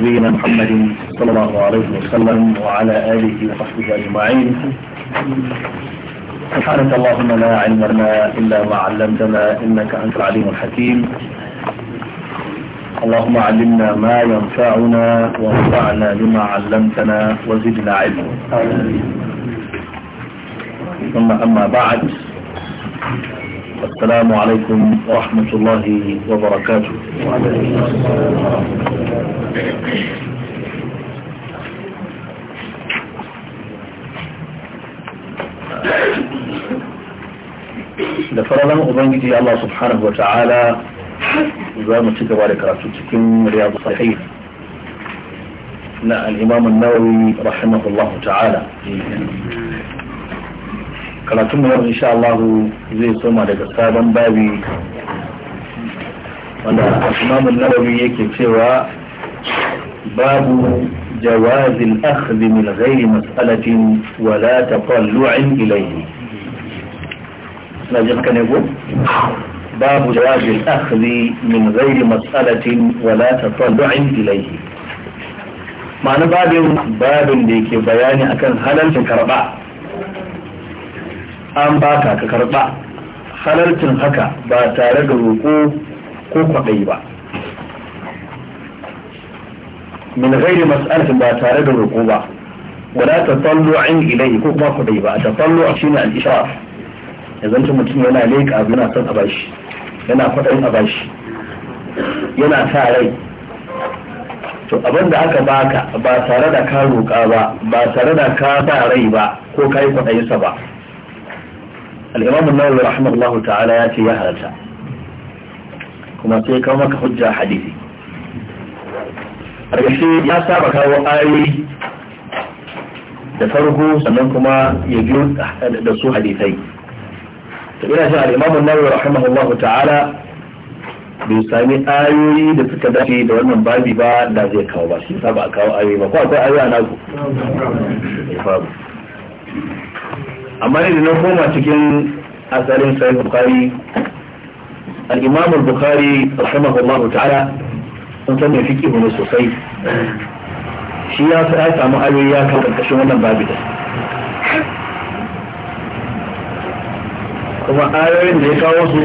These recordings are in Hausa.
نبينا محمد صلى الله عليه وسلم وعلى آله وصحبه أجمعين سبحانك اللهم لا علم لنا إلا ما علمتنا إنك أنت العليم الحكيم اللهم علمنا ما ينفعنا وانفعنا بما علمتنا وزدنا علما ثم أما بعد السلام عليكم ورحمة الله وبركاته لفرنا أبنك دي الله سبحانه وتعالى إذا نتك وارك رسولتكم رياض صحيح نعم الإمام النووي رحمه الله تعالى karatun yau insha Allah zai soma daga sabon babi wanda imamun nawawi yake cewa babu jawazin akhdi min ghairi mas'alatin wa la taqallu'in ilayhi na jinka ne ko babu jawazin akhdi min ghairi mas'alatin wa la taqallu'in ilayhi ma'ana babin babin da yake bayani akan halalcin karba an baka ka karba halartin haka ba tare da roƙo ko kwaɗayi ba min gairi mas'alatin ba tare da roƙo ba wala ta tsallo an ilai ko kuma kwaɗayi ba ta tsallo a shine al'isha ya zanta mutum yana leƙa abu yana son a bashi yana kwaɗayin a bashi yana sa rai to abin da aka baka ba tare da ka roƙa ba ba tare da ka sa rai ba ko ka yi kwaɗayinsa ba al-imam nawawi rahimahullahu ta'ala ya ce ya halatta kuma sai kawo maka hujja hadisi ƙarshe ya saba kawo ayoyi da farko sannan kuma ya biyo da su hadisai to ina shi al-imam an-nawawi rahimahullahu ta'ala bai sami ayoyi da suka dace da wannan babi ba da zai kawo ba shi saba kawo ayoyi ba ko akwai ayoyi a nagu amma idan na koma cikin asalin sai bukari al-imam al-bukhari rahimahullahu ta'ala sun san mai fiqh ne sosai shi ya sa samu ayoyi ya kan karkashin wannan babu da kuma ayoyin da ya kawo su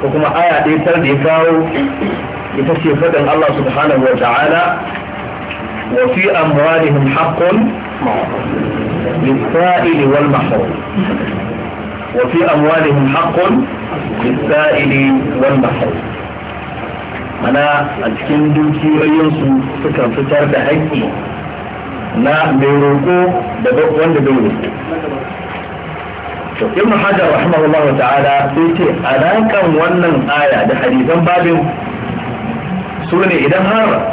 ko kuma aya ɗaya tar da ya kawo ita ce faɗin Allah subhanahu wa ta'ala wa fi amwalihim haqqun للسائل والمحروم وفي أموالهم حق للسائل والمحروم أنا أتكلم دوكي أيوسو فكرة فكرة حكي نا بيروكو دبوك وان دبوك ابن حجر رحمه الله تعالى سيتي أنا كم وانا آية ده حديثا بابهم سوني إذا هار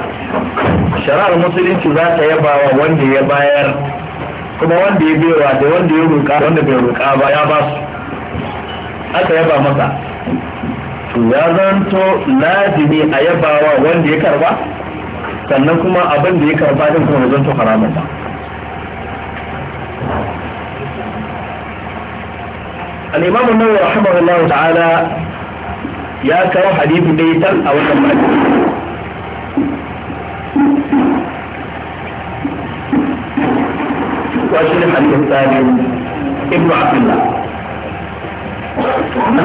شرار المسلمين تذاتي يبا وان يبا kuma wanda ya baiwa da wanda ya roƙa wanda bai roƙa ba ya ba su aka yaba masa to ya zanto lazimi a yabawa wanda ya karba sannan kuma abin da ya karba din kuma zanto haramun ba al-imam الإمام النووي رحمه الله تعالى يا كرو حديث بيتا أو كمان وعشرين حديث سالم ابن عبد الله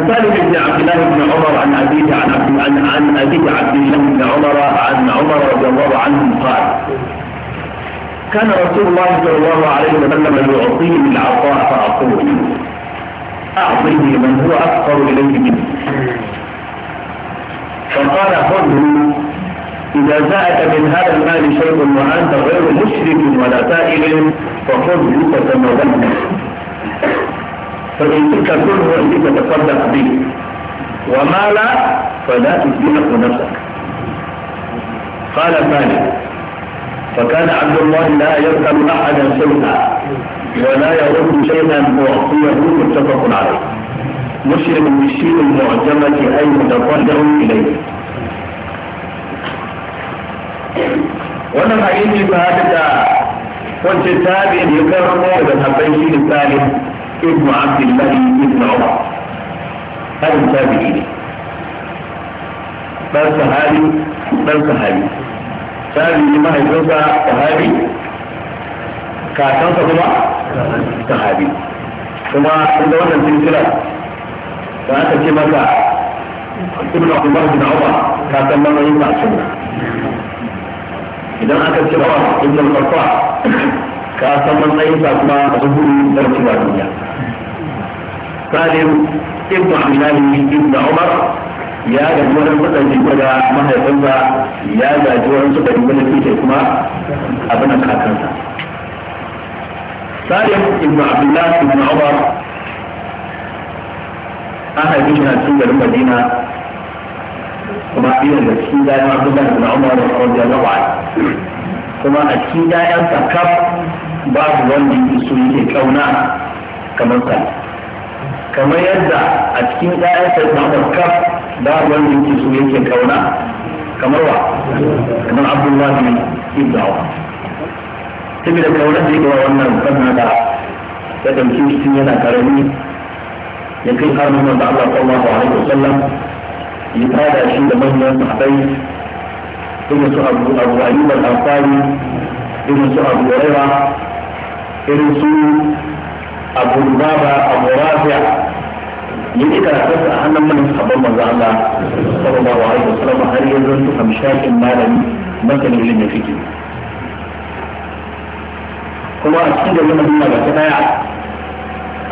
سالم بن عبد الله بن عمر عن أبيه عن عبد عن عن أبيه عبد الله بن عمر عن عمر رضي الله عنه قال كان رسول الله صلى الله عليه وسلم يعطيني العطاء فأقول أعطني من هو أفقر إليه مني فقال خذه إذا جاءك من هذا المال شيء وأنت غير مشرك ولا سائل فخذ لتتمولك فإن تلك كله الذي تتصدق به وما لا فلا تزهق نفسك قال ثاني فكان عبد الله لا يذكر أحدا شيئا ولا يرد شيئا معطيه متفق عليه مشرك بالشيء المعجمة أي متقدم إليه wannan hadisi ba ta da wancan tabi'in ya karbo daga sahabbai shi ne salim ibn abdullah ibn umar hadin tabi'i ne dan sahabi dan sahabi tabi'i mahaifinsa sahabi kakansa kuma sahabi kuma inda wannan silsila da aka ce maka ibn abdullah ibn umar kakan manzon Allah sunna idan aka ce ba inda al ka san matsayin sa kuma a zuhuri da ci ba duniya salim ibn abdullahi ibn umar ya gaji wani matsayi daga mahaifinsa ya gaji wani su dari wani fice kuma abin da kakansa salim ibn abdullahi ibn umar an haifi shi na cikin garin madina kuma biyan da ya dayan abdullahi na umar da radiyallahu anhu kuma a cikin kaf ba su wanda su yi ke kauna kamar sa kamar yadda a cikin ɗayan kaf ba su wanda su yi ke kauna kamar wa kamar yi zawa umar da kaunar da yake wa wannan fannin da ya ɗauki shi yana ƙarami ya kai har nuna da Allah sallallahu alaihi wasallam لهذا الشيء المهم تحتيه ابن سعب أبو أيوب الأنصاري ابن سعب أبو عيرة ابن أبو البابا أبو رافع يجي كلا فتا من أصحاب الله صلى الله عليه وسلم هل يزن تفهم شاك المال من كان يلين يفيكي كما أكيد لما دينا بكتايا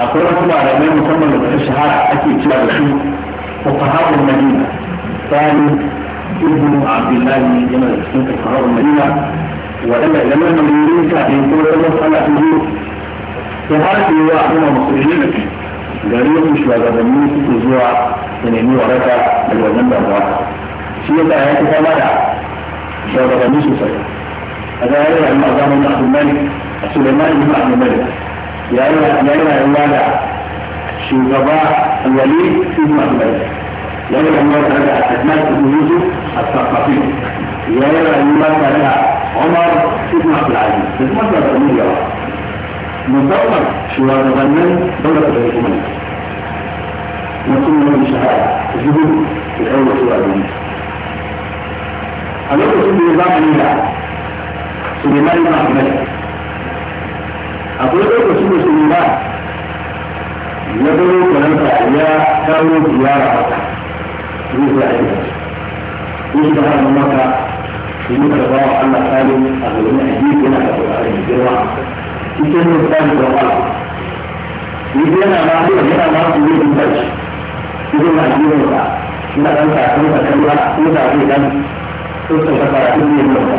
أقول لكم على مين مصمم لتفشها أكيد تلا فقهاء المدينة ثاني ابن عبد الله بن جمل اسم فقهاء المدينة ولما لما المدينة كان يقول له صلاة الموت فهل في واحد من المصريين قال له مش بعد الموت تزوع من يموت ركع بل وجنب أربعة شيء من آياته كان لا مش بعد الموت وصيا هذا يعني أن أعظم من عبد الملك سليمان بن عبد الملك يعني يعني أن لا شوكبا الوليد في عباس يولى ما ترجع حدمات بن يوسف الثقفي يولى ما ترجع عمر ابن عبد العزيز خدمات الأمية مطلق شوكبا غنم دولة العثمانية نقول من شهادة جهود الأول شوكبا الأول في نظام الله سليمان بن عبد الملك أقول لكم سليمان ya gano kwanansa ya kawo ziyara maka zai zai aiki zai shiga hannun maka shi ne ka bawa Allah kalin a gaban ajiyu yana da kwanarin girma cikin misali da ba yanzu yana ma zai yana ma su zai duba shi cikin na ajiyar ka ina ɗan kasan ka kalwa ko da zai dan sosa ka karatu zai yi maka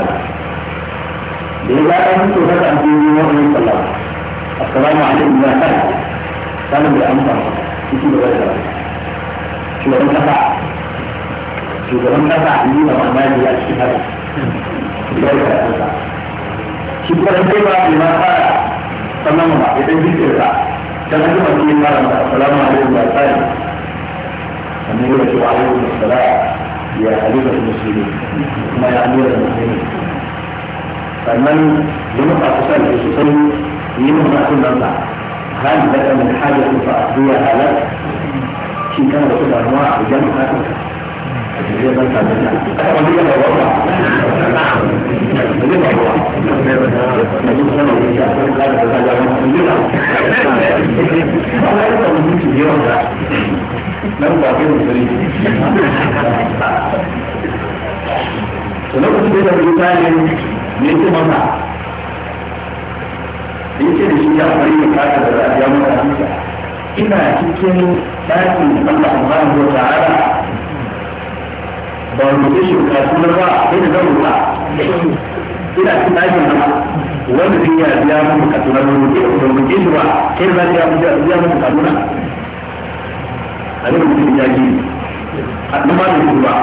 da ya ga ɗan sosa ka ajiyar wani sallah assalamu alaikum wa rahmatullahi kalau dia ampun, itu berbeza. Sudah berkata, sudah berkata, ini bapak saya dia sihat. Berbeza berkata. Sudah berkata, di masa senang mbak, itu yang dikir tak. Jangan cuma ingin marah mbak, selama ada yang buat saya. Kami juga cuba ayo, setelah dia ayo ke muslim. Kemayak dia dan muslim. Karena ini, ini pasusan, ini pasusan, ini pasusan, ini pasusan, ini pasusan, هل لك من حاجة فأقضيها لك شيء كان رسول الله على الجنة هي بنت عبدنا قضية موضوع قضية موضوع نجيب سنة وإنشاء سنة لا أنا قضية موضوع أنا أريد أنا أقول أنا يوم ذا لم تعطيه سريع ولو كنت بدأ بإيطاليا ليس مطعم yake da shi ya fari da za a biya ina cikin ɗakin Allah subhanahu wa ta'ala ba mu da shi ka ba sai da zan ba ina cikin ɗakin Allah wanda zai ya biya mu bukatu na mu ke da mu shi ba sai da ya biya mu biya mu na a ne mutum ya ji a ɗuma da shi ba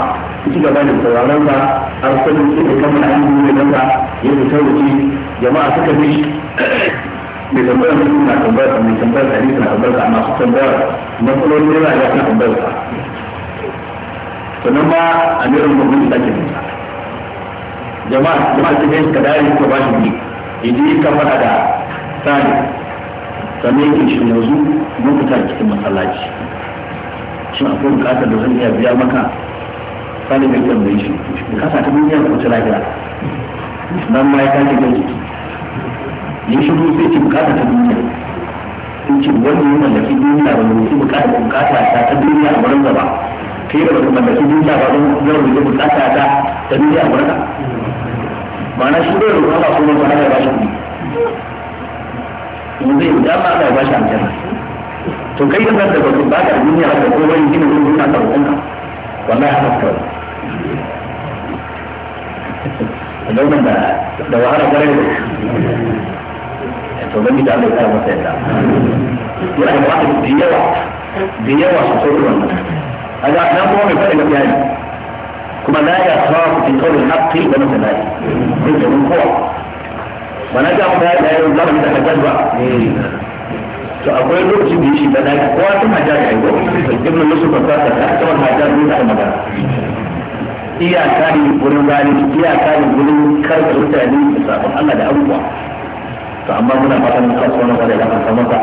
ci gaba da sauraron ba a sanin shi da kamar an yi da ya fita da jama'a suka bi mai tambayar mutum na tambayar mai tambayar sa na tambayar sa masu tambayar matsalolin yana ya suna tambayar sa sannan ba a mirar mutum da ke nisa jama'a jama'a ta yi suka dare suka ba shi bi idan ka faɗa da sani sannan yake shi yanzu mun fita cikin masallaci shin akwai bukatar da zan iya biya maka sani mai tambayi shi bukata ta duniya ko ta lafiya nan ma ya kace gaji ya shigo sai ce bukata ta duniya sun ce wanda ya mallaki duniya ba ne shi bukata bukata ta ta duniya a wurin gaba kai da wani mallaki duniya ba don zan da bukata ta ta duniya a wurin gaba ma'ana shi bai roƙa ba kuma ba ya ba shi kuɗi in zai da ma ya ba shi to kai da da ba ka duniya ba komai gina duniya ta roƙonka wallahi haka kawai launin da da wahala gare ne to ban da Allah ya masa yadda yana ba da yawa da yawa sosai wannan aga na kuma mai fara gaskiya ne kuma la ya sawa fi qawli haqqi wa la dalal kun da mun kowa bana ga ya da yayin zamanin da kaza ba to akwai lokacin da yake da daga kowa tun hajjar da yayi ko ibn ba ta ta ta ta ta da ta ta iyaka ne wurin gani iyaka ne wurin karɓar mutane da sabon Allah da abubuwa to amma muna fatan Allah subhanahu wa ta'ala kan masa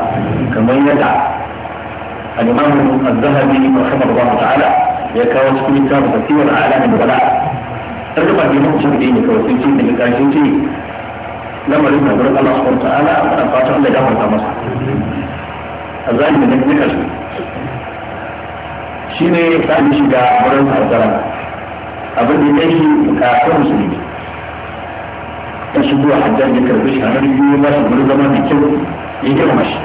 kamar yadda al-Imam Az-Zahabi rahimahullah ta'ala ya kawo cikin littafin tafsir al-alam al-bala tarjuma ba mun cikin ne kawai sun cin da kashin ce lamarin da wurin Allah subhanahu wa ta'ala muna fatan Allah ya gafarta masa azali ne ne kashi shine ta shiga wurin sarkara abin da ya shi kafin musulmi ta shigo a hajjar da karbi shi a nan biyu ba shi wani zama mai kyau ya girma mashi.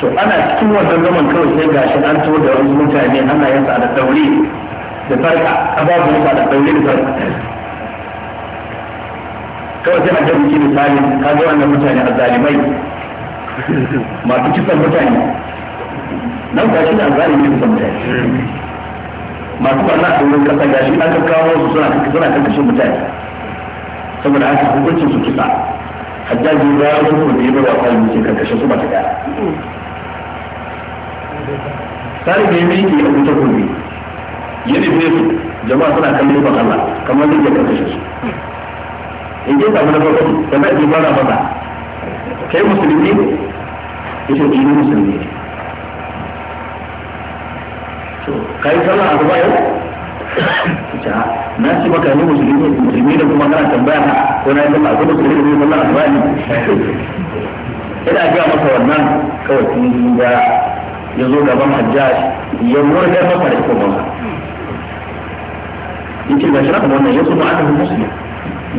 to ana cikin wannan zaman kawai sai gashi an to da wasu mutane ana yansa da daure da farka ababu yansa da daure da farka kawai sai na ga biki misali ka ga wannan mutane a zalimai masu kisan mutane nan ne da zalimi kisan mutane masu barna a doron kasa ga shi aka kawo su suna suna kashe mutane saboda haka hukuncin su kisa hajjaji ba ya wasu kuma da yi barwa kwayo kan karkashe su ba ta gaya tsari da ya yi ke a ta gobe ya nufe su jama'a suna kallon nufin Allah kamar zai iya karkashe su in ke samu na farko da za a fara fata masa kai musulmi ne ya ce ɗini eh, musulmi ne to kai sallah a gaba yau na ce maka ne musulmi musulmi da kuma kana tambaya na ko na yi sallah ko musulmi da kuma sallah a gaba ne ina ga masa wannan kawai sun ga ya zo gaban hajjaj ya murgar masa da kuma masa yake ga shi na wannan ya zo ma aka musulmi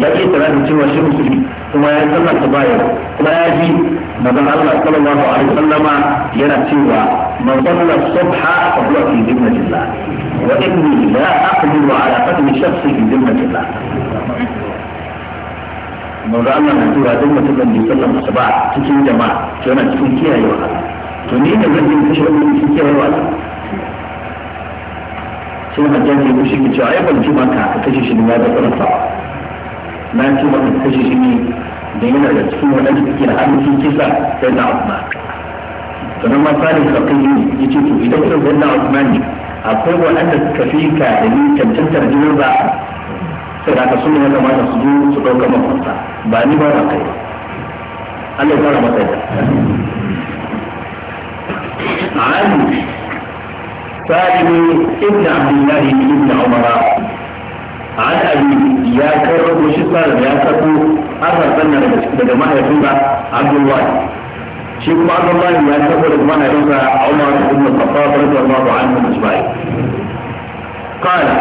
ya ce tsara da cewa shi musulmi kuma ya sallar ta bayan kuma ya ji manzon Allah sallallahu alaihi wasallama yana cewa man salla subha fa huwa fi dhimmatillah wa inni la aqdiru ala qadmi shakhsi fi dhimmatillah manzon Allah na tura duk mutumin da ya sallar asuba cikin jama'a to yana cikin kiyayewa to ni ne zan yi kashe wannan cikin kiyayewa sai hajjaji ya mushi ki cewa ai ban ji maka ka kashe shi ne ya da tsarafa na ce wannan kashe shi ne da yana da cikin waɗanda suke da hannun kisa sai na Usman kamar ma tsarin kai ne ya ce to idan kuma sai na Usman ne akwai waɗanda suka fi ka da ni cancantar jinin ba sai da ka sun ya kamata su zo su ɗauka mafarsa ba ni ba da kai Allah ya fara masa da عن سالم ne عبد الله ابن عمر an abi ya karbo shi tsara ya sako asar sannan daga mahaifinsa abdullahi shi kuma abdullahi ya sako daga mahaifinsa a umar ibn khattab radiyallahu anhu ajma'in qala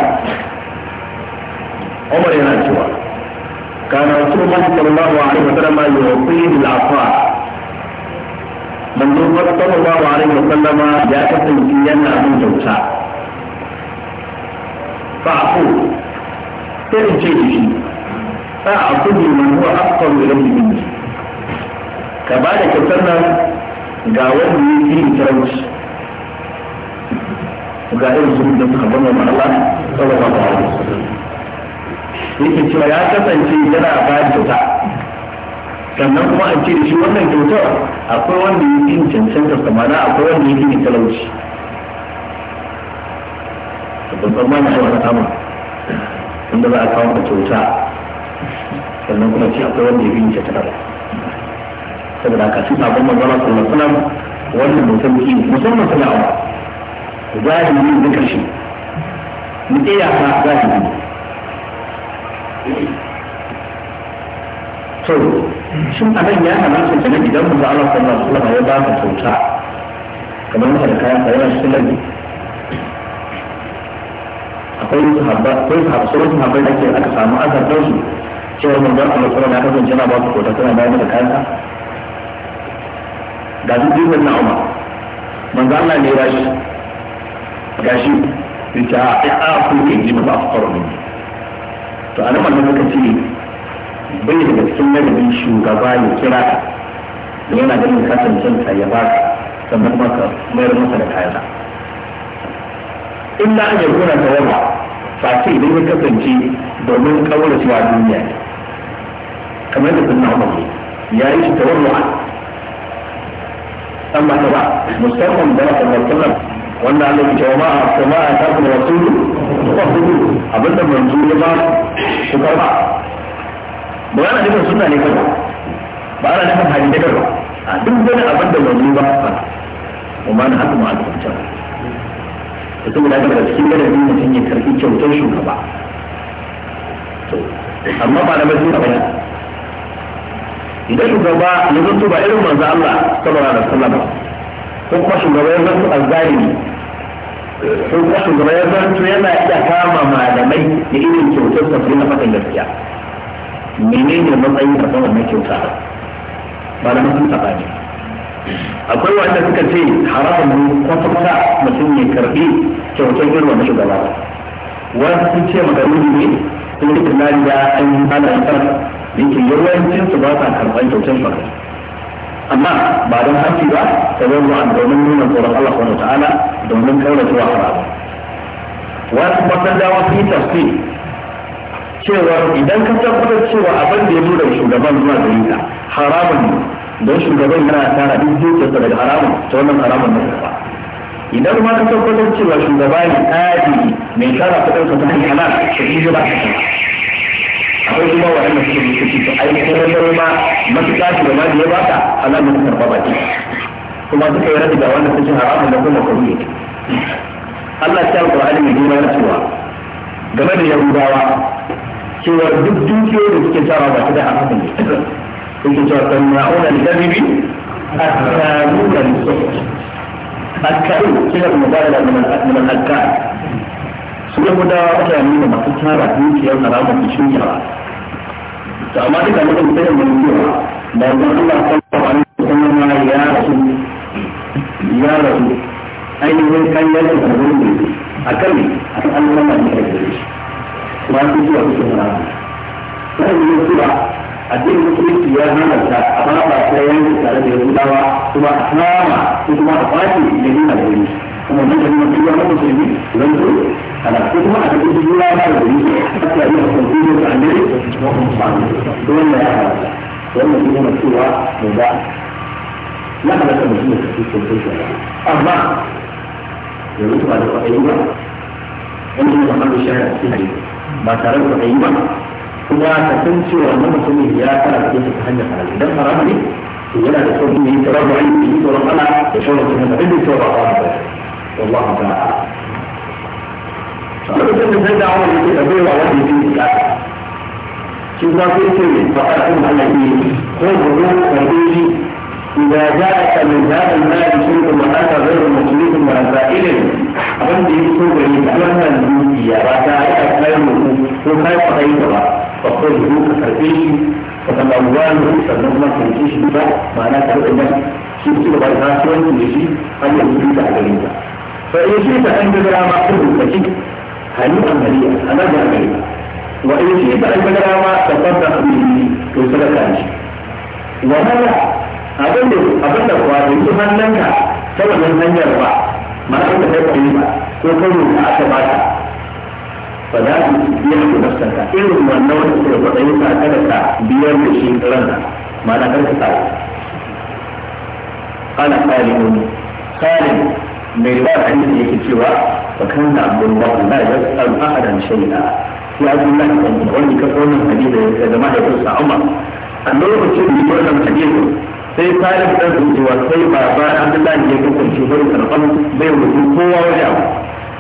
umar yana cewa kana rasulullahi sallallahu alaihi wasallam yuqim al-afa manzo sallallahu alaihi wasallam ya kasance yana bin kyauta fa'fu sai in ce a akudu man huwa ka da kyautar nan ga wanda ya fi talauci ga irin su da suka gama ma Allah sallallahu alaihi wasallam yake cewa ya kasance yana ba da kyauta sannan kuma a ce da shi wannan kyautar akwai wanda ya fi cancanta samana akwai wanda ya fi talauci ban tsammanin shi wani amur inda za a kawo a kyauta sannan kuma ce akwai wanda ya bi ta tara saboda ka ci sabon manzana sallallahu alaihi wasallam wannan mutum ki musamman suna a sana'a zahiri da karshe mu za ka zahiri to shi a nan ya kamata kenan idan manzo Allah sallallahu suna wasallam ya ba ka kyauta kamar masa da kayan kayan shi lalle akwai sahabba akwai sahabbai sahabbai da ke aka samu azabin su cewa mun ga Allah kuma na kasance na ba ku kota tana bayar da kanka ga duk din na Umar manzo Allah ne ya shi gashi ita a ku ke ji ba afkar ne to anan manzo suka ce bai daga cikin ladabi shugaba ya kira ka yana ganin kasancen sa ya ba sannan maka mayar masa da kayan sa. illa an yakuna tawaba fa sai idan ya kasance domin cewa duniya kamar da sunna umar ya yi shi tawaba an ba ta ba musamman da Allah sallallahu wanda Allah ya wa ma a sama a tafi rasulu ko hudu abinda manzo ya ba su karba ba na jikin sunna ne karba ba ana hajji da karba a duk wani abinda manzo ba ba kuma na hadu ma a cewa. da saboda haka daga cikin gadon mutum ya karfi kyautar shugaba amma ba na bai suna bane idan shugaba ya zanto ba irin manzo Allah sallallahu alaihi wasallam ko kuma shugaba ya zanto azzalimi ko kuma shugaba ya zanto yana iya kama malamai da irin kyautar sa na fatan gaskiya menene matsayin ka kama mai kyauta ba malamai sun ta ne akwai wanda suka ce haramun ne kwata-kwata mutum ya karbi kyautar girma na shugaba wasu sun ce magaruri ne sun yi tunani da an yi ba da sarrafa da yake yawancin su ba sa karɓar kyautar ba. amma ba don haƙi ba ta zai zuwa domin nuna tsoron Allah wa ta'ala domin kaurace wa haramun wasu masallawa dawa sun yi tafsir cewa idan ka tabbatar cewa abin da ya nuna shugaban zuwa gari ta haramun ne don shugaban yana tara duk dukiyarsa daga haramun ta wannan haramun na kasa idan ma ta tabbatar cewa shugaba ne tsari mai tara ta ɗauka ta hanyar halal ta yi jira akwai kuma waɗanda suke yi suke to ai ko wani ma matuƙa shugaba da ya ba ta halal ne ta karɓa baki kuma suka yi rabi ga wanda suke haramun da kuma kuri Allah ta alƙur'ani mai girma cewa game da Yahudawa cewa duk dukiyoyi da suke tara ba ta da hakan ne yake cewa sama'una al-kadhibi aktaruna al-sukh aktarun kina kuma ba da min al-min al su da guda wata ne da masu tara dukiyar haramun da shiryawa to amma duka mutum sai da mutuwa da wannan Allah sallallahu alaihi wasallam ya rasu ya rasu ainihin kan yadda da wurin a kan ne a kan Allah ne da shi ba su zuwa su haramun sai da mutuwa addinin musulunci ya halarta a ba ba ta yanki tare da yahudawa kuma a kama ko kuma a kwace da nuna da wani kuma wanda ne mutum ya mutu ne zan zo ala ko kuma a cikin duniya ba da wani hatta ina son ko da annabi ko kuma ba to wannan ya halarta wannan shi ne cewa mu ba ya halarta mutum ya tafi ko ko amma yanzu ba da kwaɗayi ba wani ne ba ma da shari'a ba tare da kwaɗayi ba kuma ka san cewa na mutumin ya fara da shi ta hanyar halal idan haram ne to yana da sauƙi ne ta rabu aiki yi tsoron ana da shauran su hanyar inda cewa ba ba ba wallah ta a lokacin da zai da awon yake da baiwa wanda ya fi bukata shi za ku ce ne ba a kan halaki ko gobe karbe shi إذا جاءك من هذا المال شيء وأنت غير مسلم ولا سائل أبدا يكون بني كلمة الدنيا وكائن خير وكائن خير babban ruhu ka karɓe shi ka san abubuwan ruhu sannan kuma ka rike shi ba ma'ana ka rike nan shi ci gaba da kasuwancin da shi har yanzu duk da gare ka fa in an gagara ma kun rubuta shi hannu an gare ka abin da kuwa da yake hannunka ta wannan hanyar ba ma'ana ka kai ba ko karo ka aka baka ba za su biya su nafsanka irin wannan wani suke kwaɗayin sa kada ka biyar da shi ranka ma'ana kar ka tsawo ana kalibun kalib mai riba da hadisi yake cewa fa kan da ba. abdullahi la yasalu ahadan shay'a sai abdullahi kan wani ka wannan hadisi da jama'a ya kusa umar a lokacin da yake wannan hadisi sai kalib dan zuciwa sai baba abdullahi ya kasance wurin karɓar bai mutum kowa wajen abu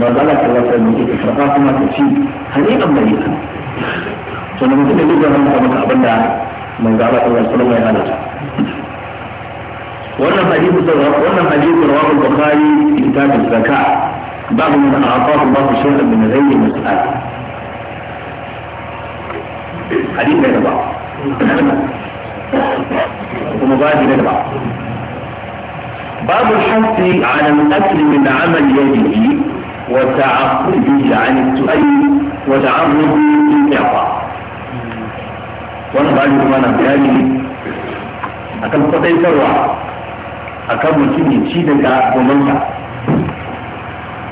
ما بالك الله تعالى فaka kuma ta ci hani an bari ka to da mutum duk da ranka maka abin da manzo Allah sallallahu alaihi wasallam ya halatta wannan hadisi sallallahu wannan hadisi rawahu al-bukhari fi kitab az-zakat babu man a'tahu Allah shay'an min ghayri mas'al hadisi ne ba kuma ba ne ba باب الحث على الاكل من عمل يده وتعقبه عن السؤال وتعرضه للإعطاء wannan ba ni mana bayani ne akan kwadaitarwa akan mutum ya ci daga gomansa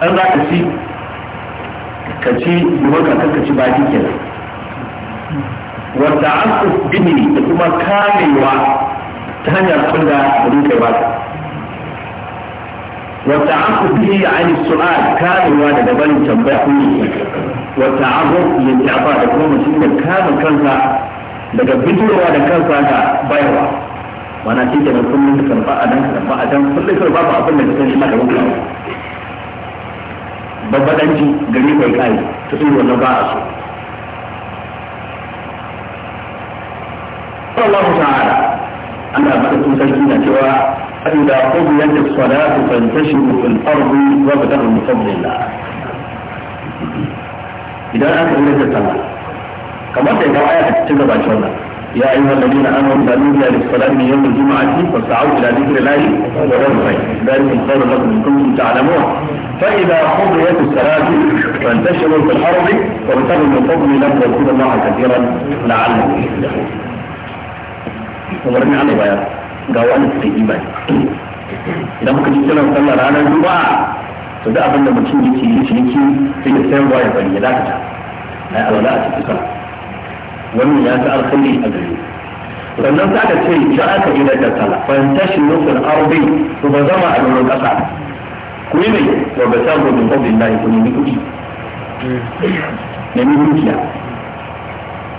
an za ka ci ka ci kan ka ci baki kenan wata an ku da kuma kamewa ta hanyar kulla da duka ba وتعقبه عن السؤال كان وانا دبل تنبيحوني وتعقب يتعطى لكم سنة كان كنزا لقد بدر وانا كنزا لا بيرا وانا تيجي من كل من كنبا أدن كنبا أدن كل كنبا بعض من كنبا لا يوقع بابا دنجي قريبا يكاي تقول ونبا أسو الله تعالى أنا بدأت مسجدنا جواه فإذا قضيت الصلاة فانتشروا في الأرض وابتغوا من فضل الله إذا أنت ولدت الصلاة كما تقول آية تجب أن شاء يا أيها الذين آمنوا إذا نودي للصلاة من يوم الجمعة فاسعوا إلى ذكر الله وذروا الخير ذلك خير لكم إن كنتم تعلمون فإذا قضيت الصلاة فانتشروا في الأرض وابتغوا من فضل الله واذكروا الله كثيرا لعلكم تفلحون. عليه بيان. ga su suka imani idan muka ji kiran sallah ranar duba, to da abinda mutum yake yi ciniki sai ya sayarwa ya bari ya dakata ai alwala a cikin sallah wannan ya ta alkhairi a gari. sannan za ka ce ya aka yi daga sallah fa tashi nufin ardi to ba zama a doron kasa ku yi mai wa ba samu min fadlillahi ku nemi kuɗi nemi dukiya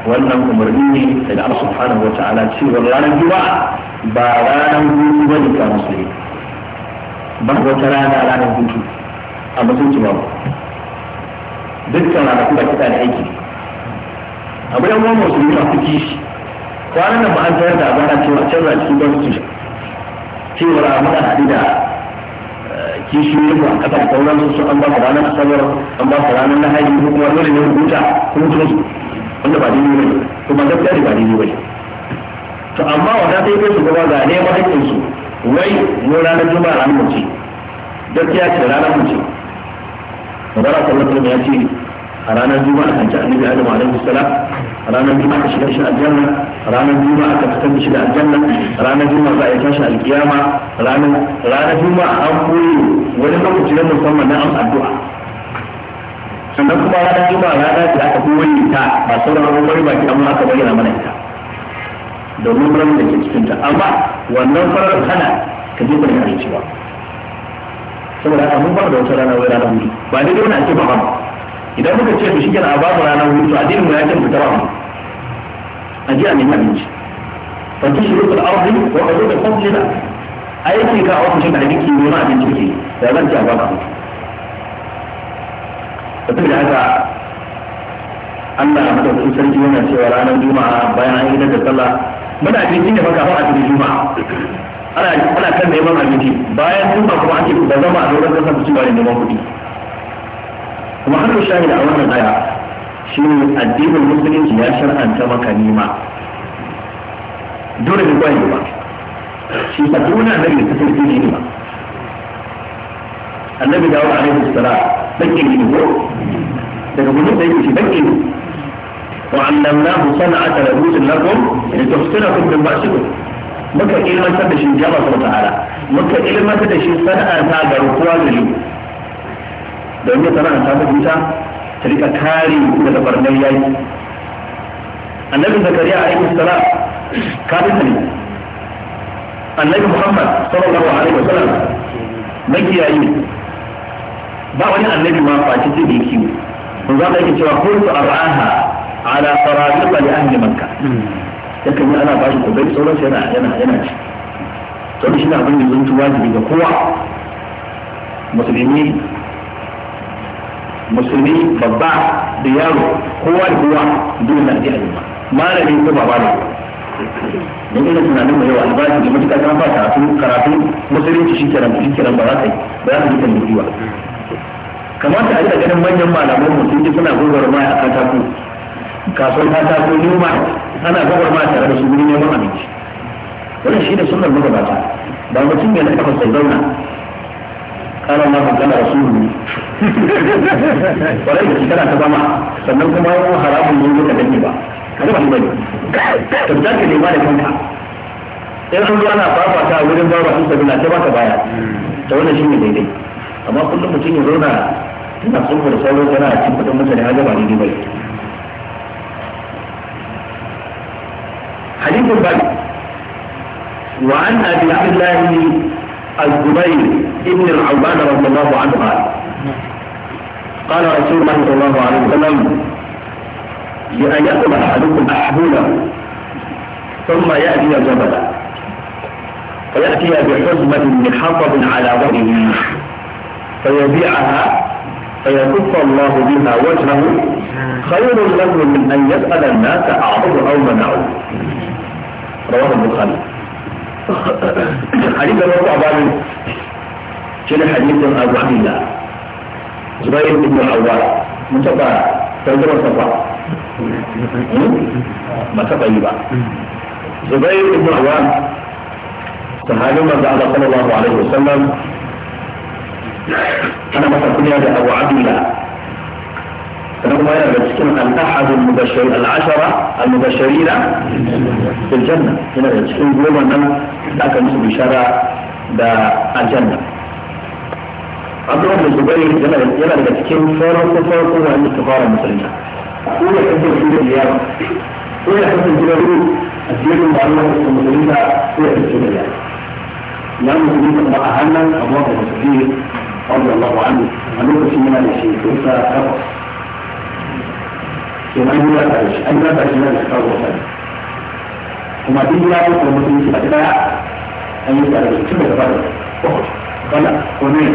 wannan umarni ne daga Allah subhanahu wa ta'ala cewa ranar juma'a ba ranar hutu ba ne kamar su ba wata rana ranar hutu a mutunci ba dukkan ranaku kuma kita da aiki a gudan wani wasu a masu kishi kwanan da ma'an zayar da abana cewa canza cikin constitution cewar a muna haɗu da eh, kishiyoyin a ƙasar sauran su an ba su ranar asabar an ba su ranar na haihu kuma dole ne hukunta hukunta wanda ba daidai ba ne kuma gaskiya ne ba daidai ba ne to amma ta yi kai shugaba ga ne ma hakkin su wai mun ranar juma'a ranar mu gaskiya ce ranar mu da Mubarak sallallahu alaihi ya ce a ranar juma'a kan ci annabi Adam alaihi a ranar juma'a ka shiga shi aljanna ranar juma'a ka fitar da shi da aljanna ranar juma'a za a yi tashi alkiyama ranar ranar juma'a an koyi wani lokaci na musamman na an addu'a sannan kuma ranar juma'a rana ce aka wani ta ba sauran abubuwan ke amma aka bayyana mana ita domin ran da ke cikinta amma wannan farar hana ka ji bane hari cewa saboda haka mun fara da wata rana wai ranar hutu ba dai wani ake ba idan muka ce to shi kenan a babu ranar hutu addinin mu ya ce mu tara mu a ji a nemi abinci fa ji shuru al ardi wa qadu al fadlina aiki ka ofishin da kike wani abinci ke da zan ci a baka hutu da haka Allah ya mutum sarki yana cewa ranar juma'a bayan an yi da sallah muna abinci da baka a cikin juma'a ana ana kan neman abinci bayan juma'a kuma ake da zama a doron kasar ci bayan neman kuɗi kuma har shahida a wannan aya shi ne addinin musulunci ya shar'anta maka nima dole ne kwaye ba shi sa duk annabi da ta sarki ne ne ba annabi dawo a alaihi salam bakin ne ko daga gudun da yake shi bakin ne وعلمناه صنعة لبوس لكم لتحسنكم من بأسكم muka ilmantar da shi jaba sau ta'ala muka ilmantar da shi sana'a ta garkuwa da shi domin sana'a ta fahimta ta rika kare daga barnar yayi annabi zakariya alaihi salam kafinta ne annabi muhammad sallallahu ba wani annabi ma face zai yi kiwo za ka yake cewa kuntu ar'aha ala faradiqa li ahli makka yake ne ana bashi ko sauran shi yana yana yana ci to shi na abin da zuntu wajibi ga kowa musulmi musulmi babba da yaro kowa da kowa dole na ji alima malami ko baba ne don ina tunanin mu yau albashi da mutuka kan ba karatu karatu musulunci shi kiran shi kiran ba za ka yi ba za ka ji kan kamata a yi ganin manyan malamai mu sun suna gogoro mai a katako kasuwar ta tafi yunwa ana gabar ma tare da su wurin neman abinci wannan shi ne sunan magabata ba mutum ya naka sai zauna قال الله قال رسوله ولai da shekara ta zama sannan kuma yawon haramun yin da dangi ba kada ba shi bane ka fita ka nema da kanka in an zo ana fafata wurin zaura su sabila ta baka baya ta wannan shi ne daidai amma kullum mutum ya zauna tana tsofa da sauran tana cin kudin mutane har ne daidai bai. حديث البدر وعن أبي عبد الله الزبير ابن العوبان رضي الله عنه قال قال رسول الله صلى الله عليه وسلم لأن يأكل أحدكم احبولا ثم يأتي جبلا فيأتي بحزمة من حطب على وجهه فيبيعها فيكف الله بها وجهه خير له من أن يسأل الناس أعطوه أو منعوه رواه البخاري حديث الرابع بعد شنو حديث ابو عبد الله زبير بن العوال من تبع ترجمه صفا ما تبع زبير بن العوال sahabin manzo صلى الله عليه وسلم انا masa كنت da Abu Abdullah sannan kuma yana da cikin al-ahad al-mubashir al-ashara al-mubashirina fil janna yana da cikin goma nan da aka musu bishara da aljanna Abdullah bin Zubair yana daga cikin farko farko wanda suka fara musulunta ko ya kasance da riya ko ya kasance da ruwa a cikin ma'anar musulunta ko ya kasance da riya ya musulunta ba a hannun Abubakar Siddiq رضي الله عنه ولوكس من الشيخ فقط kenan muna tare shi an zaba shi na da kawo wata kuma duk ya ko kuma mutum shi da an yi tare da tun da fara ko kana ko ne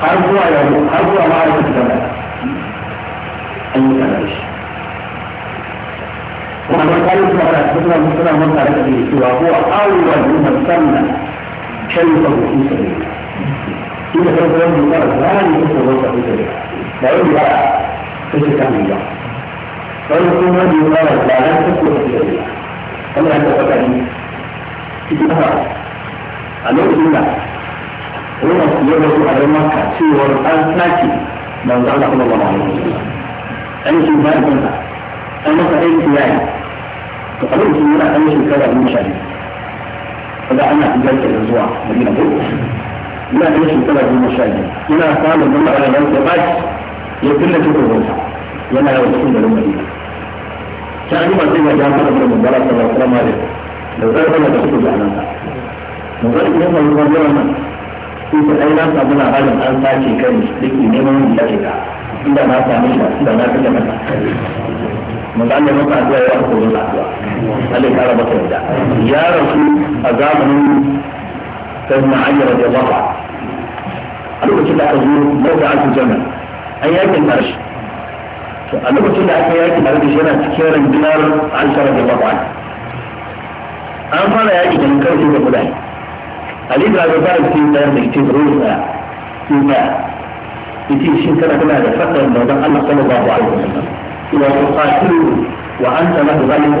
har zuwa ya har zuwa ma da kuma da an yi tare shi kuma da kai kuma da kuma mun suna mun tare da shi cewa ko awwal man sanna shayfa fi sabili shi da farko wanda ya fara zani ko ko ta fi sabili da yau ya kace kan ba farko na duba da tsaron cikin da ke kuma ya taɓa kari cikin haka a lokacin da Roma ya rasu a Roma ka cewar an sake manzo Allah kuma ba ma wani an shi ba da kanta an masa aiki yayi to a lokacin yana ɗan shekara goma sha biyu kaga ana tijarta da zuwa Madina ko yana ɗan shekara goma sha biyu yana samun zama a rayuwar da ba ya kullace ko yana yawan cikin garin Madina ta yi masu yi da haka da mun bala sallallahu alaihi wasallam da zai bala da su da nan da zai yi mun bala da nan sai ta dai nan samu labarin an sace kai dake neman mu da kika inda na samu shi inda na kike mata mun ga Allah maka addu'a ya ko mun Allah ya kara maka da ya rasu a zamanin sayyidina Ali radiyallahu anhu a lokacin da aka zo mawda'atul jannah an yakin tashi to a lokacin da aka yaki tare da shi yana cikin rundunar aisha da babu an fara yaki da karfi da kudai ali da abu ba sai da da ke ruwa da sai da yace shin kana kana da fadar da dan Allah sallallahu alaihi wasallam ila tuqatilu wa anta lahu zalim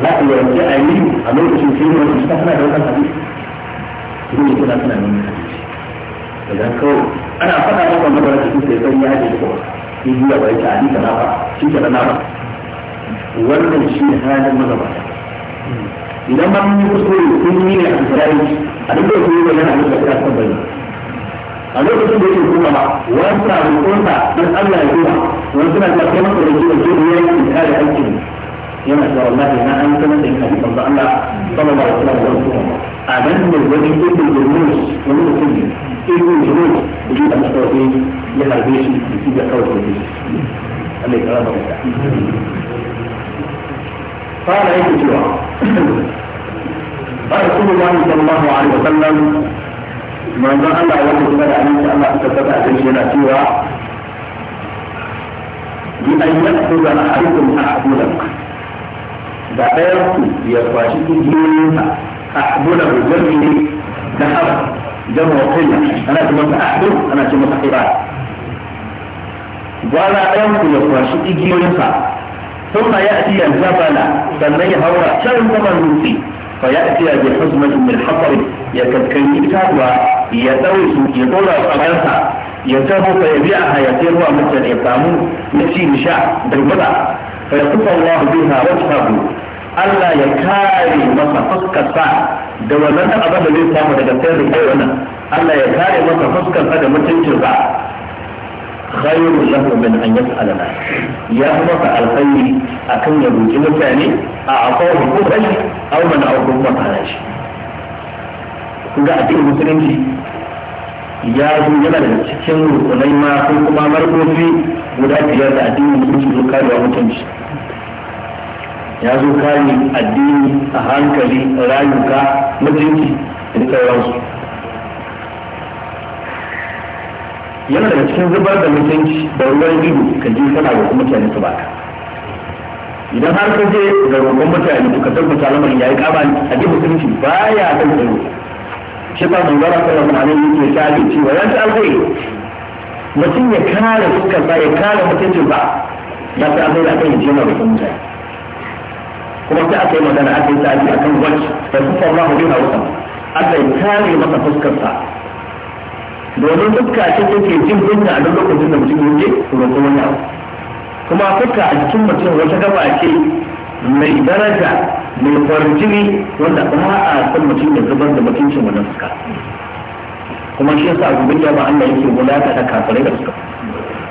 za ku yanke a yi a lokacin sai ne wani kana da wannan hadisi ne kana kana da wannan hadisi idan kawai ana faɗa maka magana cikin sai sai ya ji ko sai biya ba yake ali kana ba shi kana na ba wannan shi ne halin magabata idan ma mun yi kun yi ne a tsirrai a duk da kuma wannan abin da kira kan bayyana a lokacin da yake kuma ba wani suna roƙonsa don Allah ya kuma wani suna ta kai masa da kiwon kiwon ya yi tsira da aikin yana cewa wallahi na an sanar da yana bisan ba Allah sallallahu alaihi a nan ne wani yake da wani mutum irin wannan da ke da kawai ya harbe shi da shi da kawai da shi Allah ya karama masa fara yake cewa ba su da wani sallallahu alaihi wasallam manzon Allah ya ce da annabi Allah ta tabbata da shi yana cewa bi an yakhudha ahadukum ahdudak da ɗayan ku ya kwashi kujiyoyinsa ahdudak jami'i da haka جمع قلة أنا كنت أحبب أنا كنت أحبب ولا أنت يفرشي إجي ويسا ثم يأتي الجبل سنين هورا شرم زمن نوتي فيأتي بحزمة من الحطر يتبكي إتابة يدوس يطول أمانها يتابه فيبيعها يتيروا مثل يتامون نفسي مشاء بالبدع فيقف الله بها وجهه ألا يكاري مصفق الساعة da wannan da abin da zai samu daga sayar da kai wannan Allah ya kare masa fuskar da mutuncin ba khairu lahu min an yas'alana ya masa alkhairi akan ya roki mutane a akwai hukumai aw man aw kuma kana shi ga addinin musulunci ya zo yana da cikin rukunai ma ko kuma markofi guda biyar da addinin musulunci zo karewa mutunci ya zo kare addini a hankali rayuka mutunci da sauransu yana daga cikin zubar da mutunci da ruwan ido ka je kana roƙon mutane su baka idan har ka je ga roƙon mutane ka tabbata ya yi kaba a ji mutunci baya kan tsaro shi ba mun gara sallallahu alaihi wa sallam yake cewa ya ta alheri mutum ya kare fuskarsa ya kare mutuncin ba ya ta alheri akan ya je na roƙon mutane kuma sai aka yi magana aka yi a kan wacce da sufa Allah biha wuta aka yi kare masa fuskarsa domin fuska ce ke jin kunya a duk lokacin da mutum yake kuma wani abu kuma fuska a jikin mutum wata gaba ce mai daraja mai kwarjini wanda ba a san mutum ya zubar da mutuncin wannan fuska kuma shi yasa gobe ya ba Allah yake wulata da kafirai da fuska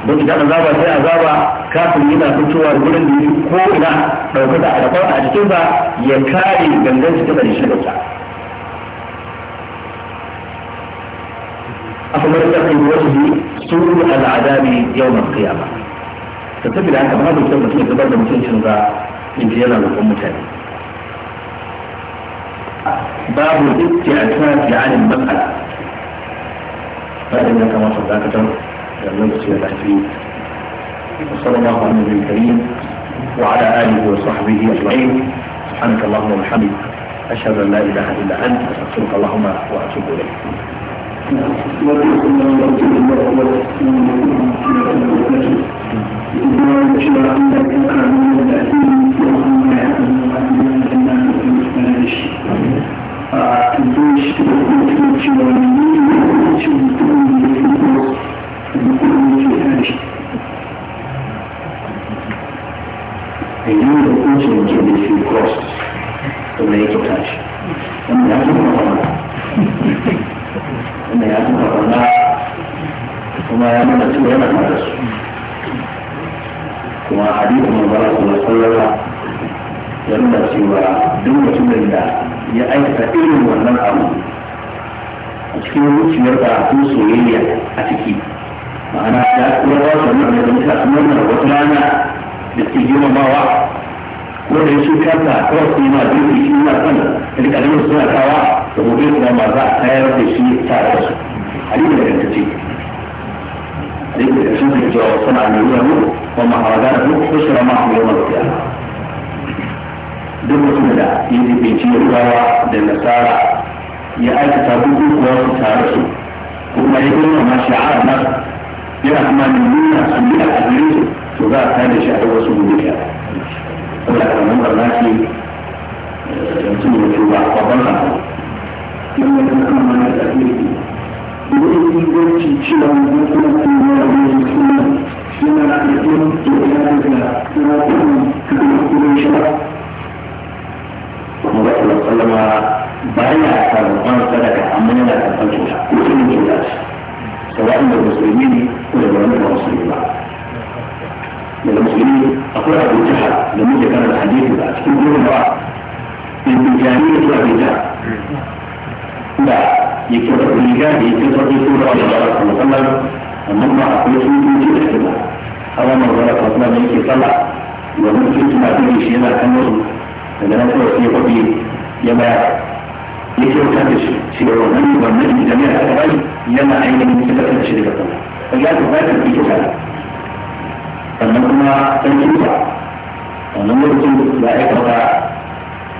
don ita azaba sai azaba kafin yana fitowa gurin da yake ko ina dauka da dafa a cikin ba ya kare gangan cikin da shi dauka akwai da kai wasu suru al'adabi yawmal qiyamah ta tafi da haka babu kyau mutum ya zubar da mutuncin ba in ji yana roƙon mutane babu itti'ata fi 'anil mas'ala ba da ya kamata zakatar وصلى الله على النبي الكريم وعلى آله وصحبه أجمعين سبحانك اللهم وبحمدك أشهد أن لا إله إلا أنت أستغفرك اللهم وأتوب إليك Thank you. فيما يكون في كل شباب ومن صلى الله عليه وسلم بايع كرمان صدقة أمنا لا تنقل جوجة وكل الجوجات سواء للمسلمين ولا لغير المسلمين للمسلمين أقول أبو جهل لم يكن الحديث كل يوم إن بجانية لا يكتب الرجال يكتب الرجال صلى الله عليه وسلم أما أقول سيدي جهل a wannan wani kasuwa da yake sallah domin su tuna da shi yana kan musu daga nan kawai sai kwabi ya baya ya kyauta da shi shi da wannan wannan jami'a aka bari yana ainihin fitar da shi daga sallah ba ya ta bayar da ta? sannan kuma ɗan kyauta wannan lokacin da ya aikata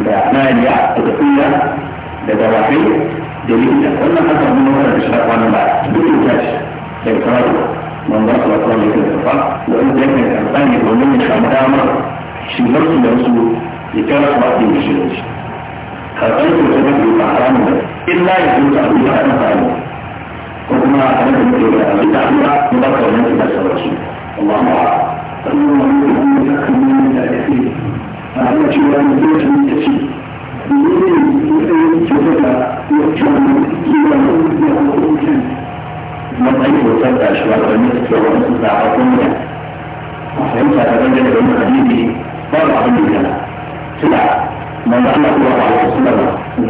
da nariya da tafiya da gabafai da likita wannan haka mun wani da shi kwanan ba duk da ta ce daga kawai من ذاك الأطفال يتدفع لأن ذاك الأطفال يقولون من خمدامة شمرت لرسول لكرة وقت بشيرش خطيت وتبت بحرام إلا يكون تعبيرها أنا فعله وكما أنا بمتبع أبي تعبيرها مبكر من تبس الرسول اللهم أعلم فإنه يكون يتأكد من التأثير فعلى شيء أن يكون من التأثير بإذن الله يتفقى يحجر من التأثير ويحجر من التأثير matsayin hotar da shi wata wani suke wani su sa a kuma a fahimta da zan da wani hadisi ba da abin da yana suna manzo Allah ko ba wa suna ba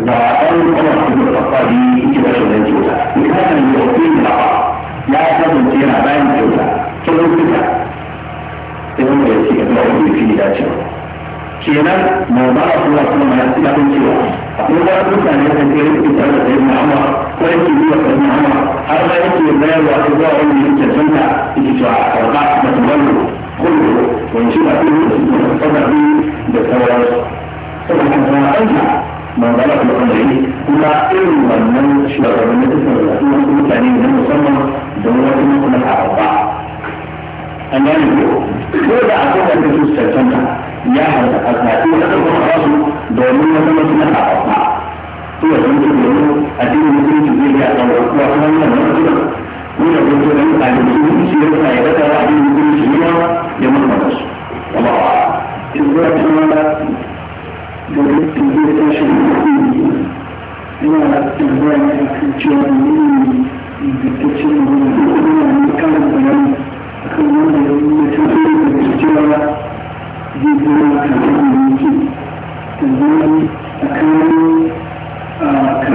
da an kuma su da fadi yake da shi zan kyauta ni ka san yi wani da ba ya kasance yana bayan kyauta kyautuka sai wanda ya ce ga wani da ke kenan mai ba a kuma kuma mai suna kan cewa akwai ba su mutane da ke rikin tare da sayi ma'amma ko yake yi wa sayi ma'amma har ma yake bayarwa ta zuwa wani yake cancanta yake cewa a karɓa da tumallo kullu wani shi ba su yi da sababi da sauransu saboda kuma ɗanka mai ba a kuma kuma yi kuma irin wannan shugabannin da suka zaɓi wasu mutane na musamman don wasu mutum a karɓa an gane ko ko da akwai wanda su cancanta ya hauka alkaci da kan kuma ba su domin wata wasu na kafafa su da sun kuma domin a cikin mutunci zai ya kawo kuwa kuma yana da wasu nuna wasu da yin kaji su shi ya sa ya daga a cikin mutunci ne ya mutu da su wala wa in zuwa cikin wanda domin su zai tashi ina tambaya ne a kan cewa ne ingantaccen da wani kuma ne kan bayan akan wanda ya yi mutum da ke cewa Kemudian akan akan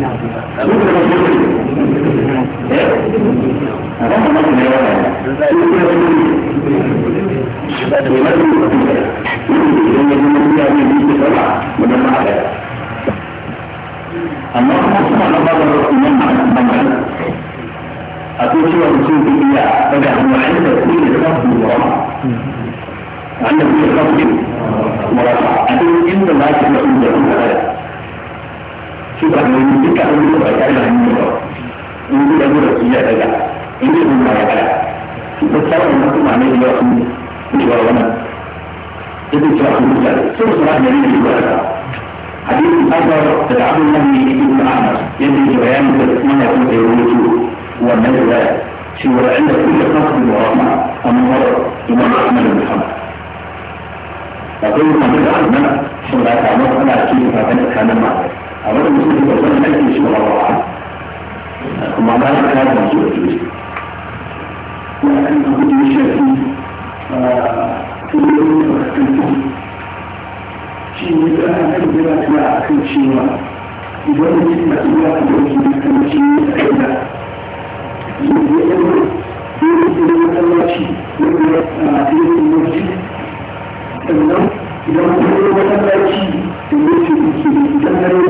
amma kuma suna na ba da rukunan ma'anar a ko cewa mutum bai iya daga hannu a inda kuma da kafin murafa wanda kuma kafin murafa a duk inda za ki na inda kuma su ba da wani duka an yi ba tare da hannun ba in ji da gura su ya daga in ji mun ya kada su ta tsawon na kuma ne da wasu ne ba wannan ita ce wasu mutane su su ba da ne da gura da حديث الأثر بتاع عبد الله بن أحمد يدري بيان ما يكون في الوجود والنجوى شو عند كل قصد ورحمة أمر إمام أحمد بن حنبل أقول ما بدأ أنا شو لا تعمل أنا أكيد ما بين كان معك a wani mutum da wani aiki shi ba wa kuma ba ya kare masu da su kuma kan abu shafi kullum da kaskanci shi ne da ana kan jira tuna a kan cewa idan mutum na iya da wani kaskanci a kai da yanzu ya ɗaura yanzu da matsalaci wanda a yanzu mafi sannan idan mutum ya matsalaci da ya ce idan na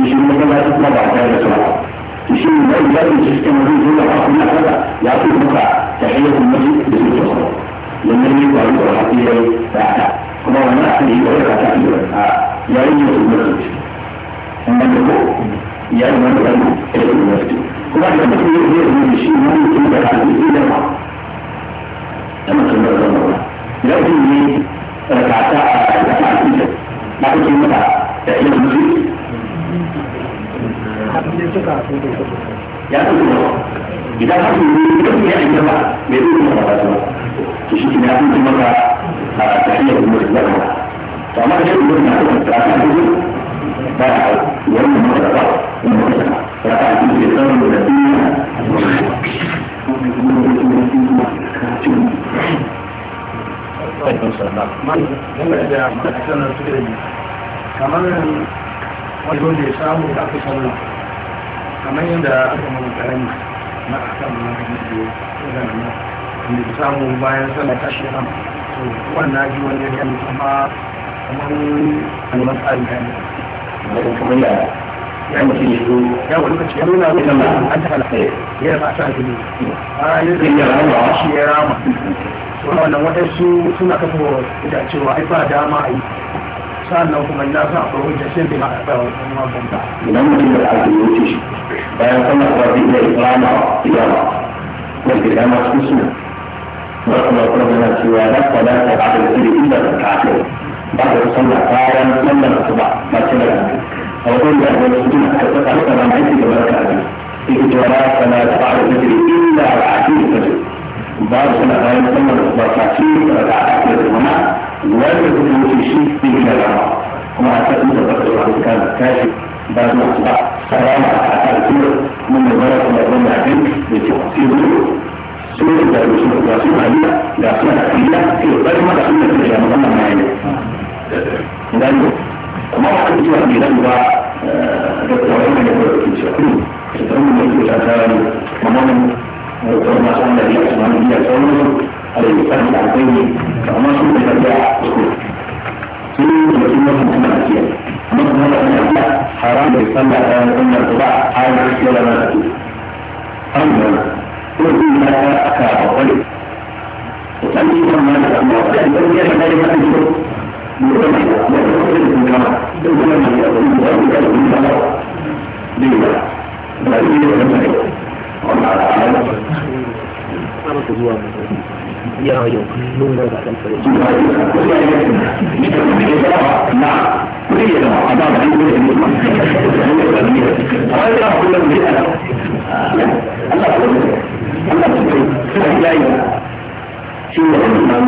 مش المثلث طبعا بسرعه مش المثلث السيستم دي هو اصلا هذا يعطي بقى تحيه المسجد بسيطه صلاه لما يجي على الحقيقه بتاعها كما هو ما في غير يا ايها المسجد اما الركوع يا ايها المسجد كما هو ما في غير الشيء ما يمكن ان يفعل كما كما الله لكن ركعتها ركعتين لكن كما تحيه المسجد ya san kuma idan haka ne da kuma ya yi ba mai zai kuma ba su to shi ne ya kuma ka a tafiyar kuma da zaka to amma da kuma na kuma ta ta ko ba ta wannan mun da ba mun da ba ta ta ce san da da kamar wajen da ya samu da aka samu kamar yadda aka mana karami na akan mana bidiyo ko da nan da ya samu bayan sana tashi ram to wannan ji wani ya yi kuma kamar annaban tsari da ne kamar da ya mutum ya zo ya wani kace ya nuna mai nan an ta halaka ya ba ta gidi a yi yanzu ya rama shi ya rama to wannan wadansu suna kafa da cewa ai ba dama a yi sa'annan kuma na sa a hujja sai bi haɗa tsawon kuma banta idan mutum da aka yi wuce shi bayan kuma ba bi da islama iyama da ke da masu su ba kuma kuma yana cewa na kwana ta ba da tsiri inda ta kafe ba da su sallah bayan sallah su ba ba ce da a wajen da wani su tuna aka tsaka da mai aiki da barka da shi ke cewa na kwana ta ba da tsiri inda ba a ce da ba su na bayan sallah ba ta ce da ta kafe da mana لا يكون في شيء في الجامعة وما أعتقد أن الرجل كان كاشف بعد ما أصبح سلام على الكل من الغرق إلى غير عدل سورة الدروسين الرسول عليها لأصلها فيها في غير ما دخلنا في الجامعة ما معي لأنه ما أحد يجب أن يدعو دكتور من يقول في الشكل تتعلم من يجب أن تماما وما صلى الله عليه وسلم عليه وسلم عليه amma su da tafiya a cikin su ne da su masu kuma a cikin amma su hana wani abu haram da sallah ta yana sallah ta ba a yi da shi yana da su an da ko su yi ta aka a wani ko an yi kan mana da amma wani da ya shi kare mana jiro ne ko mai da kuma da su kama da kuma mai da kuma da kuma da kuma da kuma da ba da yi da kuma da kuma da kuma da kuma da kuma da kuma ya yau nuna da kan fure shi na kuri da ma da kan kuri ne ai da kullum ne ana Allah kullum Allah kullum sai ya yi shi ne nan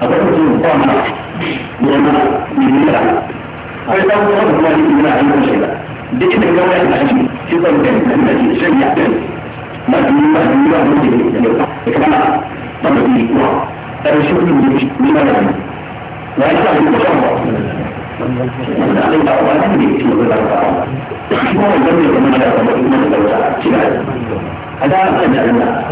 abin da ke ba mana ne ma ne ne ai da kullum ne ne na ayyukan shi da duk inda ga wani a cikin shi zan ga ne shi ya ne ma ne ma ne ma ne ne ne ne فمن فيشوف بما يعلم لا يسأل كل أمر عليك أولا بإسم الله تعالى هو الجميع من لا يتبقى من الله تعالى هذا أجل الله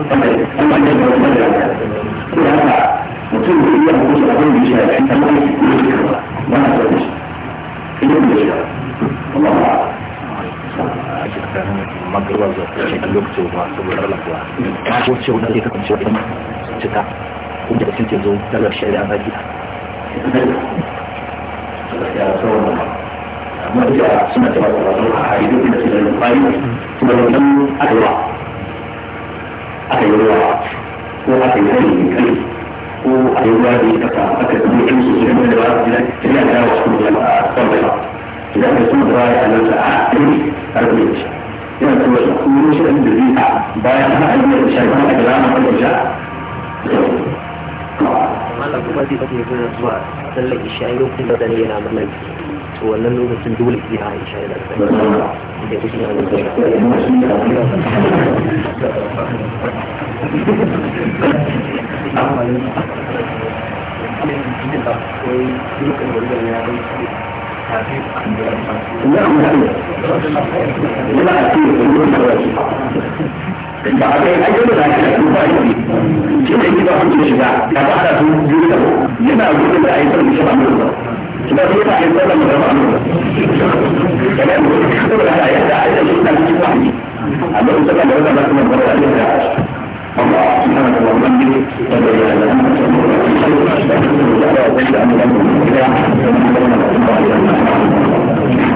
أما أجل الله من لا يتبقى وتم إياه قصر أقول بشهادة أنت ما يذكر ولا تدرس إليه يذكر الله أعلم a shekarar magarwar zafi a lokacin masu wuraren kuwa ko ce wani ke kasance wani cika inda da suke zo dalar shari'a ba gida amma duk da suna cewa da wasu a haidu da su da bayi kuma da wannan arewa aka yi ruwa ko aka yi rai mai kai ko a yi ruwa da ya kasa aka zama yin su su yamma da ba su gida tana da yawa su da ba son bai ba idan ka suna da ba ya nan sa a ɗari har kuma yana da wasu kuma shi da zai ta bayan ana ayyuka da shi ba a da lama da shi malam kuma zai fata yana zuwa sallar isha'i lokacin da dare yana mana to wannan lokacin dole sai a isha'i da sallar da kusa da wani zai لا لا لا لا ba a kai ai da zaki da ba yi shi ne ki ba ku da shiga da ba da su biyu da yana gudu da ai sai shi ba mu ba shi ba sai ai sai da mu ba mu da ne ko da ai da ai da shi da shi ba ni amma sai da da ba kuma ba da shi da Allah subhanahu wa ta'ala ini sebagai dalam Allah dan Allah dan Allah